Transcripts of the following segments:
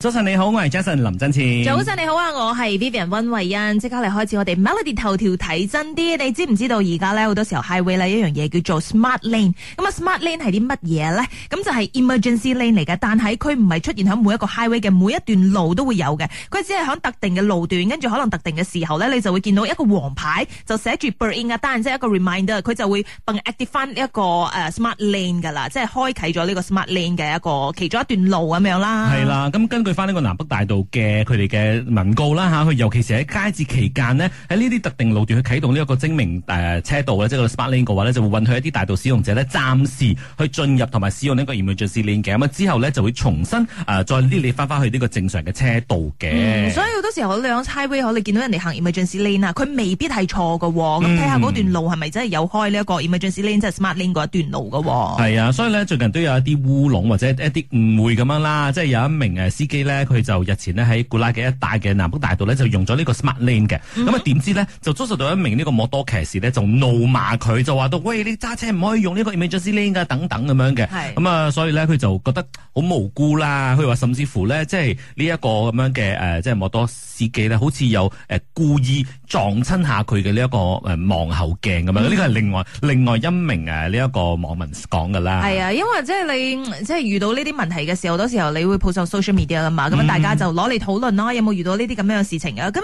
早晨你好，我係 Jason 林振志。早晨你好啊，我係 Vivian 溫慧欣。即刻嚟開始我哋 Melody 頭條睇真啲。你知唔知道而家咧好多時候 highway 呢有一樣嘢叫做 smart lane？咁啊，smart lane 係啲乜嘢咧？咁就係 emergency lane 嚟嘅，但係佢唔係出現喺每一個 highway 嘅每一段路都會有嘅，佢只係響特定嘅路段，跟住可能特定嘅時候咧，你就會見到一個黃牌就寫住 bring in 嘅單，即係一個 reminder，佢就會 activate 一個 smart lane 噶啦，即係開啟咗呢個 smart lane 嘅一個其中一段路咁樣啦。係啦，咁去翻呢個南北大道嘅佢哋嘅文告啦吓，佢尤其是喺佳節期間呢，喺呢啲特定路段去啟動呢一個精明誒、呃、車道咧，即係 smart lane 嘅話咧，就會允許一啲大道使用者呢，暫時去進入同埋使用呢個 emergency lane 嘅，咁之後呢，就會重新誒、呃、再梳理翻翻去呢個正常嘅車道嘅、嗯。所以好多時候我哋講 highway，我哋見到人哋行 emergency lane 啊，佢未必係錯噶，咁、嗯、睇下嗰段路係咪真係有開呢一個 emergency lane 即係 smart lane 嗰一段路噶。係啊，所以呢，最近都有一啲烏龍或者一啲誤會咁樣啦，即係有一名誒司機。咧佢就日前咧喺古拉嘅一帶嘅南北大道咧就用咗呢個 smart lane 嘅，咁啊點知咧就捉實到一名呢個摩多騎士咧就怒罵佢，就話到喂，你揸車唔可以用呢個 emergency lane 噶，等等咁樣嘅。咁啊所以咧佢就覺得好無辜啦，佢話甚至乎咧即係呢一個咁樣嘅誒即係摩多司機咧好似有誒故意撞親下佢嘅呢一個誒望後鏡咁樣，呢個係另外另外一名誒呢一個網民講噶啦，係啊，因為即係你即係遇到呢啲問題嘅時候，好多時候你會鋪上 social media。咁、嗯、大家就攞嚟討論囉，有冇遇到呢啲咁樣嘅事情啊？咁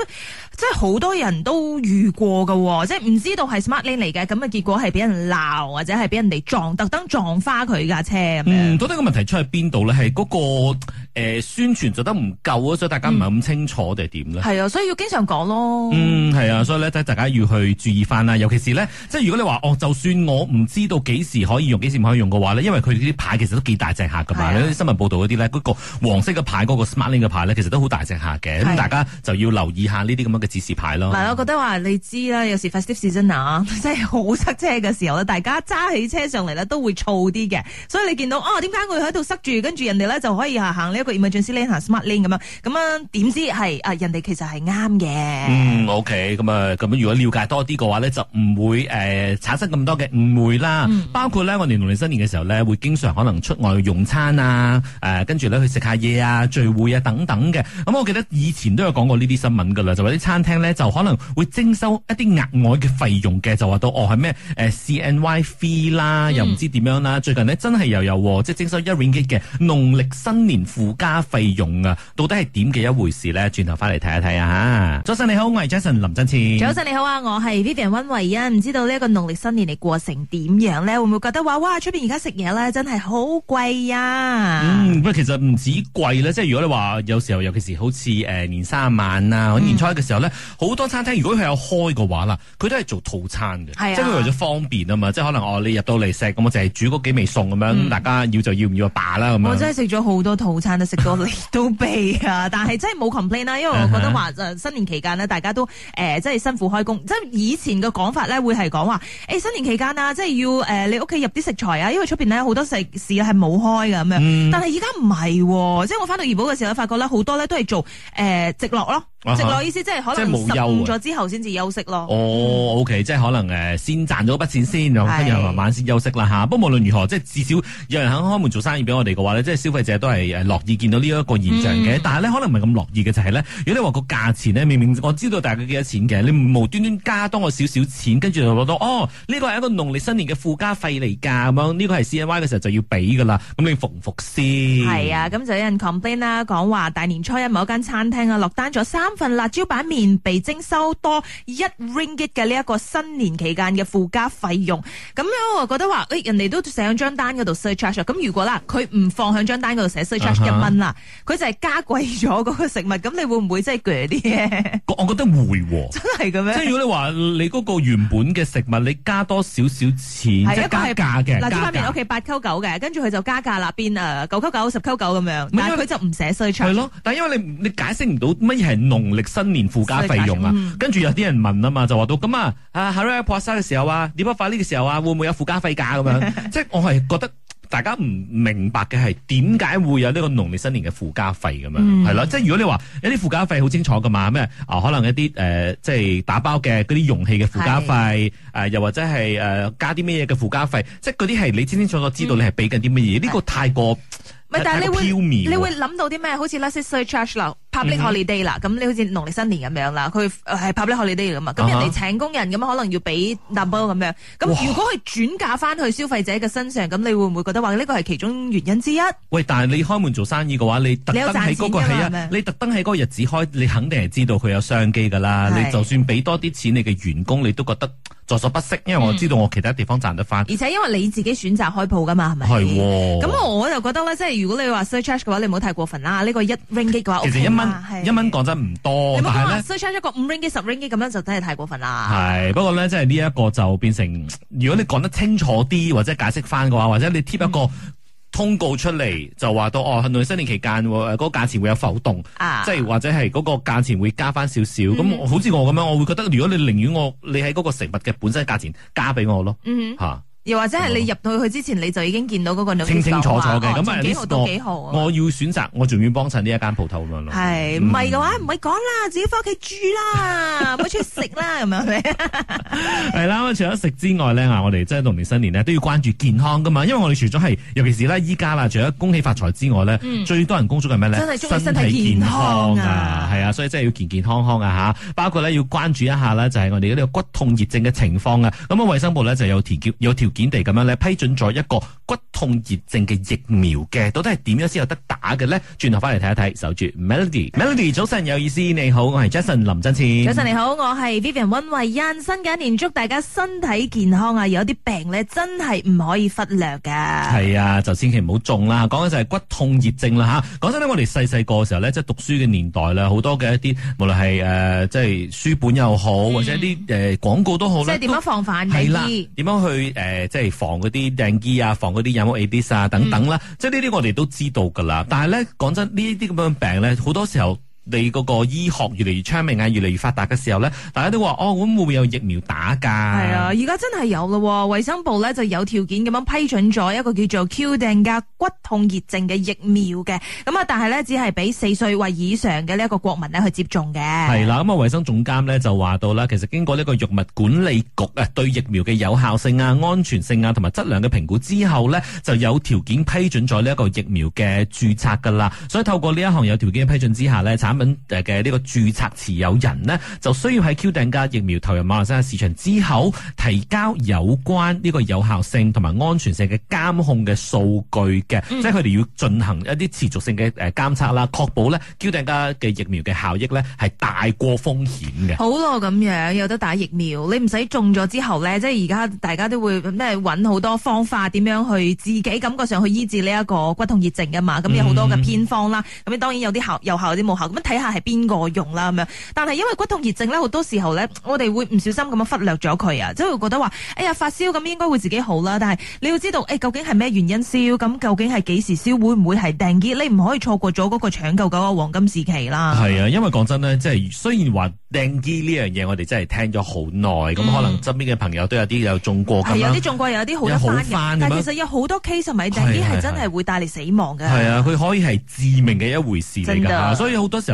即係好多人都遇過噶，即係唔知道係 smartling 嚟嘅，咁啊結果係俾人鬧或者係俾人哋撞，特登撞花佢架車咁樣、嗯、到底個問題出喺邊度呢？係嗰、嗰個誒、呃、宣傳做得唔夠啊，所以大家唔係咁清楚定係點呢？係啊，所以要經常講咯。嗯，係啊，所以咧大家要去注意翻啦，尤其是呢。即係如果你話哦，就算我唔知道幾時可以用，幾時唔可以用嘅話呢，因為佢哋啲牌其實都幾大隻下噶嘛，有啲、啊、新聞報道嗰啲呢，嗰、嗰個黃色嘅牌的那個 smart link 嘅牌咧，其實都好大隻下嘅，咁大家就要留意下呢啲咁樣嘅指示牌咯。嗱、嗯，我覺得話你知啦，有時快 steps 真啊，真係好塞車嘅時候咧， 大家揸起車上嚟咧都會燥啲嘅。所以你見到哦，點解我喺度塞住，跟住人哋咧就可以行呢一個 emergency lane，行 smart link 咁樣，咁樣點知係啊人哋其實係啱嘅。嗯，OK，咁啊，咁如果了解多啲嘅話咧，就唔會誒、呃、產生咁多嘅誤會啦。嗯、包括咧，我哋農曆新年嘅時候咧，會經常可能出外用餐啊，誒、嗯，跟住咧去食下嘢啊，聚會啊等等嘅，咁、嗯、我記得以前都有講過呢啲新聞噶啦，就話啲餐廳呢，就可能會徵收一啲額外嘅費用嘅，就話到哦係咩誒 CNY fee 啦，嗯、又唔知點樣啦。最近呢，真係又有,有即係徵收一 ringgit 嘅農曆新年附加費用啊，到底係點嘅一回事呢？轉頭翻嚟睇一睇啊吓！早晨你好，我係 Jason 林振千。早晨你好啊，我係 Vivian 温慧欣。唔知道呢一個農曆新年嚟過成點樣呢？會唔會覺得話哇出邊而家食嘢咧真係好貴啊？嗯，不其實唔止貴啦，即如果你話有時候，尤其是好似誒年卅晚啊，年初一嘅時候咧，好、嗯、多餐廳如果佢有開嘅話啦，佢都係做套餐嘅，啊，即係佢為咗方便啊嘛，即係可能哦，你入到嚟食，咁我淨係煮嗰幾味餸咁樣，大家要就要唔要啊，把啦咁樣。我真係食咗好多套餐啊，食到你都避啊！但係真係冇 complain 啦，因為我覺得話新年期間呢，大家都誒即係辛苦開工，啊、即係以前嘅講法咧，會係講話誒新年期間、呃嗯、啊，即係要誒你屋企入啲食材啊，因為出邊呢好多食肆係冇開咁樣。但係而家唔係，即係我翻到。保嘅時候，我發覺咧好多咧都係做誒、呃、直落咯，啊、直落意思即係可能十咗之後先至休，休息咯。哦、嗯、，OK，即係可能誒、呃、先賺咗筆錢先，跟住慢慢先休息啦吓。不過無論如何，即係至少有人肯開門做生意俾我哋嘅話咧，即係消費者都係誒樂意見到呢一個現象嘅、嗯。但係咧可能唔係咁樂意嘅就係、是、咧，如果你話個價錢呢，明明我知道大概幾多錢嘅，你無端端加多我少少錢，跟住就攞到哦呢個係一個農曆新年嘅附加費嚟噶，咁樣呢個係 CNY 嘅時候就要俾噶啦。咁你服唔服先？係啊，咁就有人啦講話大年初一某一間餐廳啊落單咗三份辣椒板麵，被徵收多一 ringgit 嘅呢一個新年期間嘅附加費用。咁樣我覺得話，誒、欸、人哋都寫喺張單嗰度 surcharge 咁，如果啦佢唔放喺張單嗰度寫 surcharge 一蚊啦，佢、uh-huh。就係加貴咗嗰個食物，咁你會唔會即係啲嘢？我覺得會，真係咁咩？即係如果你話你嗰個原本嘅食物你加多少少錢，係加價嘅。辣椒板麵屋企八九九嘅，跟住佢就加價啦，變九九九十九九咁樣，但佢就唔，係咯，但係因為你你解釋唔到乜嘢係農曆新年附加費用啊，跟、嗯、住有啲人問啊嘛，就話到咁啊啊 Harry Potter 嘅時候啊，點解化呢個時候啊，會唔會有附加費噶咁樣？即係我係覺得大家唔明白嘅係點解會有呢個農曆新年嘅附加費咁樣，係咯？即係如果你話一啲附加費好清楚噶嘛，咩啊、呃、可能一啲誒、呃、即係打包嘅嗰啲容器嘅附加費，誒、呃、又或者係誒、呃、加啲咩嘢嘅附加費，即係嗰啲係你清清楚楚知道你係俾緊啲乜嘢，呢、嗯這個太過。嗯但係你會，你會諗到啲咩？好似 last day 啦，public holiday 啦，咁、嗯、你好似農曆新年咁樣啦，佢係 public holiday 咁嘛。咁人哋請工人咁、啊、可能要俾 number 咁樣。咁如果佢轉嫁翻去消費者嘅身上，咁你會唔會覺得話呢個係其中原因之一？喂，但係你開門做生意嘅話，你特登喺嗰個啊，你特登喺嗰個日子開，你肯定係知道佢有商機㗎啦。你就算俾多啲錢，你嘅員工你都覺得。在所不惜，因為我知道我其他地方賺得翻、嗯。而且因為你自己選擇開鋪噶嘛，係咪？係。咁我就覺得咧，即係如果你話 search charge 嘅話，你唔好太過分啦。呢、呢個一 ringgit 嘅話，其實一蚊、okay、一蚊講真唔多，你有冇說說但係呢，search 一個五 ringgit 十 ringgit 咁樣就真係太過分啦。係，不過咧，即係呢一個就變成，如果你講得清楚啲，或者解釋翻嘅話，或者你 tip 一個。嗯通告出嚟就話到哦，慶祝新年期間，嗰個價錢會有浮動，啊、即係或者係嗰個價錢會加返少少。咁、嗯、好似我咁樣，我會覺得如果你寧願我，你喺嗰個食物嘅本身價錢加俾我咯，嗯又或者係你入到去之前，你就已經見到嗰個女仔清清楚楚嘅，都幾好，好，我好、啊。我要選擇，我仲要幫襯呢一間鋪頭咁樣咯。係，唔係嘅話唔係講啦，自己翻屋企住啦，唔 好出去食啦，咁樣嘅。係啦，除咗食之外咧，我哋即係農曆新年呢，都要關注健康噶嘛，因為我哋除咗係，尤其是咧依家啦，除咗恭喜發財之外咧、嗯，最多人恭祝係咩咧？身體健康啊，係 啊，所以真係要健健康康啊吓，包括咧要關注一下呢，就係我哋嗰啲骨痛熱症嘅情況啊。咁啊，衛生部咧就有有健地咁樣咧批准咗一個骨痛熱症嘅疫苗嘅，到底係點樣先有得打嘅咧？轉頭翻嚟睇一睇，守住 Melody，Melody、yeah. Melody, 早晨，有意思，你好，我係 Jason 林振志。早晨你好，我係 Vivian 溫慧欣。新嘅一年祝大家身體健康啊！有啲病咧真係唔可以忽略㗎。係啊，就千祈唔好中啦。講緊就係骨痛熱症啦嚇。講真咧，我哋細細個嘅時候咧，即係讀書嘅年代啦，好多嘅一啲，無論係即係書本又好、嗯，或者啲誒、呃、廣告都好啦。即係點樣防範嘅？係啦，點樣去、呃即係防嗰啲病機啊，防嗰啲有冇 a d d s 啊等等啦，即係呢啲我哋都知道噶啦。但係咧講真，呢啲咁樣病咧，好多時候。你嗰個醫學越嚟越昌明啊，越嚟越發達嘅時候呢，大家都話哦，咁會唔會有疫苗打噶？係啊，而家真係有咯，衛生部呢就有條件咁樣批准咗一個叫做 QDenga 骨痛熱症嘅疫苗嘅，咁啊，但係呢，只係俾四歲或以上嘅呢一個國民呢去接種嘅。係啦，咁啊衛生總監呢就話到啦，其實經過呢個藥物管理局啊對疫苗嘅有效性啊、安全性啊同埋質量嘅評估之後呢，就有條件批准咗呢一個疫苗嘅註冊噶啦。所以透過呢一項有條件嘅批准之下呢。咁樣嘅呢個註冊持有人呢，就需要喺 Q 定家疫苗投入馬來西亞市場之後，提交有關呢個有效性同埋安全性嘅監控嘅數據嘅、嗯，即係佢哋要進行一啲持續性嘅誒監測啦，確保呢 Q 定家嘅疫苗嘅效益呢係大過風險嘅。好咯，咁樣有得打疫苗，你唔使中咗之後呢，即係而家大家都會咩揾好多方法點樣去自己感覺上去醫治呢一個骨痛熱症噶嘛，咁有好多嘅偏方啦，咁、嗯、當然有啲效有效，有啲冇效睇下係邊個用啦咁樣，但係因為骨痛熱症咧，好多時候咧，我哋會唔小心咁樣忽略咗佢啊，即係會覺得話，哎呀發燒咁應該會自己好啦，但係你要知道，誒、哎、究竟係咩原因燒，咁究竟係幾時燒，會唔會係掟機，你唔可以錯過咗嗰個搶救嗰個黃金時期啦。係啊，因為講真咧，即係雖然話掟機呢樣嘢，我哋真係聽咗好耐，咁可能身邊嘅朋友都有啲有中過咁有啲中過人，又有啲好得翻嘅，但其實有好多 case 唔係掟機係真係會帶嚟死亡嘅，係啊，佢、啊啊啊啊啊啊啊、可以係致命嘅一回事嚟噶，所以好多時候。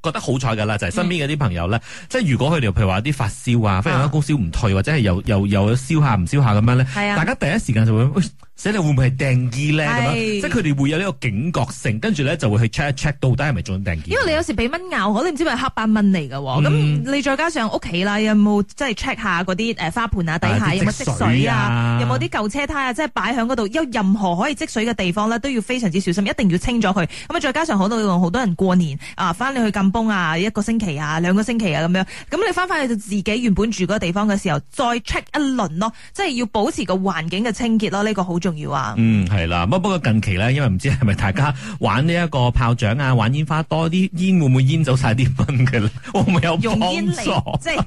覺得好彩噶啦，就係、是、身邊嗰啲朋友咧、嗯，即係如果佢哋譬如話啲發燒啊，忽然間高燒唔退，或者係又又又燒下唔燒下咁樣咧，大家第一時間就會，死、哎、你會唔會係掟衣咧咁樣？即係佢哋會有呢個警覺性，跟住咧就會去 check 一 check 到底係咪仲有掟衣。因為你有時俾蚊咬，可能唔知咪黑斑蚊嚟嘅喎，咁、嗯、你再加上屋企啦，有冇即係 check 下嗰啲誒花盆啊底下有冇、啊、積水啊，有冇啲、啊、舊車胎啊，即係擺響嗰度，有任何可以積水嘅地方咧，都要非常之小心，一定要清咗佢。咁啊，再加上可能好多人過年啊，翻嚟去撳。崩啊！一個星期啊，兩個星期啊，咁樣，咁你翻翻去自己原本住嗰個地方嘅時候，再 check 一輪咯，即係要保持個環境嘅清潔咯，呢、這個好重要啊。嗯，係啦，不不過近期咧，因為唔知係咪大家玩呢一個炮仗啊，玩煙花多啲，煙會唔會煙走晒啲蚊嘅咧？會唔會有幫助？即係、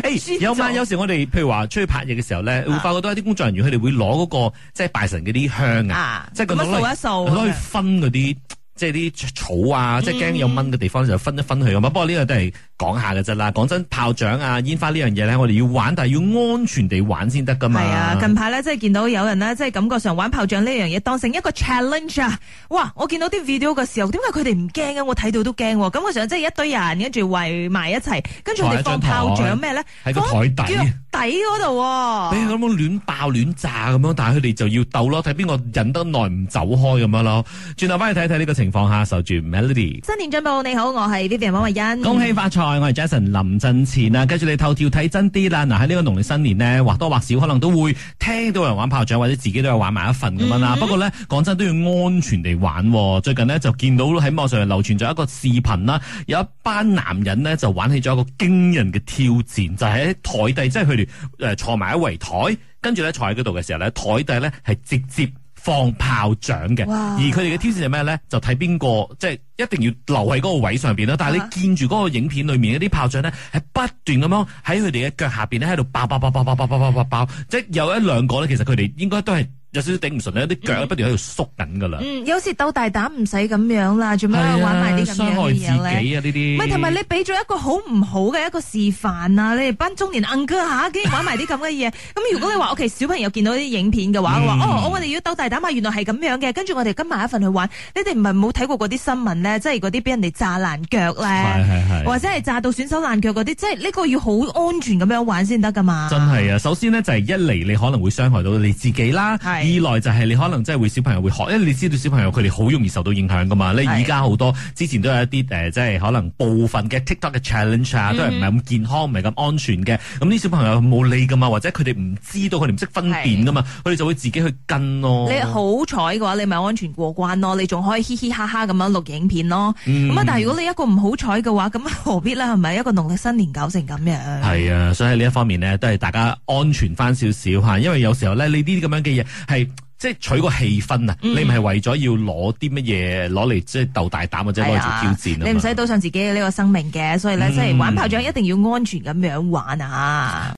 欸，有晚有時我哋譬如話出去拍嘢嘅時候咧、啊，會發覺到一啲工作人員佢哋會攞嗰、那個即係拜神嗰啲香啊，啊即係咁樣掃一掃、啊，攞去分啲。即係啲草啊，即係驚有蚊嘅地方、嗯、就分一分去咁嘛，不過呢個都係。講下嘅啫啦，講真，炮仗啊，煙花呢樣嘢咧，我哋要玩，但係要安全地玩先得噶嘛。係啊，近排咧，即係見到有人咧，即係感覺上玩炮仗呢樣嘢當成一個 challenge 啊！哇，我見到啲 video 嘅時候，點解佢哋唔驚嘅？我睇到都驚喎。咁我想即係一堆人跟住圍埋一齊，跟住你放炮仗咩咧？喺個台底、啊、底嗰度， 你咁樣亂爆亂炸咁樣？但係佢哋就要鬥咯，睇邊個忍得耐唔走開咁樣咯。轉頭翻去睇睇呢個情況下，受住 Melody。新年進步，你好，我係 Vivian 黃慧欣，恭喜發財。我係 Jason 林振前啊，跟住你頭條睇真啲啦。嗱，喺呢個農曆新年咧，或多或少可能都會聽到有人玩炮仗，或者自己都有玩埋一份咁樣啦。Mm -hmm. 不過咧，講真都要安全地玩喎。最近呢，就見到喺網上流傳咗一個視頻啦，有一班男人呢，就玩起咗一個驚人嘅挑戰，就喺台底，即係佢哋誒坐埋一圍台，跟住咧，坐喺嗰度嘅時候咧，台底咧係直接。放炮仗嘅，而佢哋嘅挑戰係咩咧？就睇邊個，即係一定要留喺嗰個位上邊啦。但係你見住嗰個影片裏面啲炮仗咧，係不斷咁樣喺佢哋嘅腳下邊咧，喺度爆爆爆爆爆爆爆爆爆爆，即係有一兩個咧，其實佢哋應該都係。有少少頂唔順咧，啲腳不斷喺度縮緊噶啦。有時鬥大膽唔使咁樣啦，做咩玩埋啲咁嘅嘢呢？啲、啊。咪同埋你俾咗一個好唔好嘅一個示範啊！ 你哋班中年 uncle 竟然玩埋啲咁嘅嘢。咁 如果你話屋企小朋友見到啲影片嘅話，話、嗯、哦，我哋要鬥大膽啊！原來係咁樣嘅，跟住我哋跟埋一份去玩。你哋唔係冇睇過嗰啲新聞咧，即係嗰啲俾人哋炸爛腳咧，或者係炸到損手爛腳嗰啲，即係呢個要好安全咁樣玩先得噶嘛？真係啊！首先呢，就係、是、一嚟，你可能會傷害到你自己啦。二來就係你可能真係會小朋友會學，因為你知道小朋友佢哋好容易受到影響噶嘛。你而家好多之前都有一啲誒、呃，即係可能部分嘅 TikTok 嘅 challenge 啊，嗯、都係唔係咁健康，唔係咁安全嘅。咁啲小朋友冇理噶嘛，或者佢哋唔知道，佢哋唔識分辨噶嘛，佢哋就會自己去跟咯。你好彩嘅話，你咪安全過關咯，你仲可以嘻嘻哈哈咁樣錄影片咯。咁、嗯、啊，但係如果你一個唔好彩嘅話，咁何必咧？係咪一個農曆新年搞成咁樣？係啊，所以喺呢一方面呢，都係大家安全翻少少吓，因為有時候呢，你呢啲咁樣嘅嘢。係即係取個氣氛啊、嗯！你唔係為咗要攞啲乜嘢攞嚟即係鬥大膽或者攞嚟挑戰啊、哎！你唔使賭上自己嘅呢個生命嘅，所以咧即係玩炮仗一定要安全咁樣玩啊！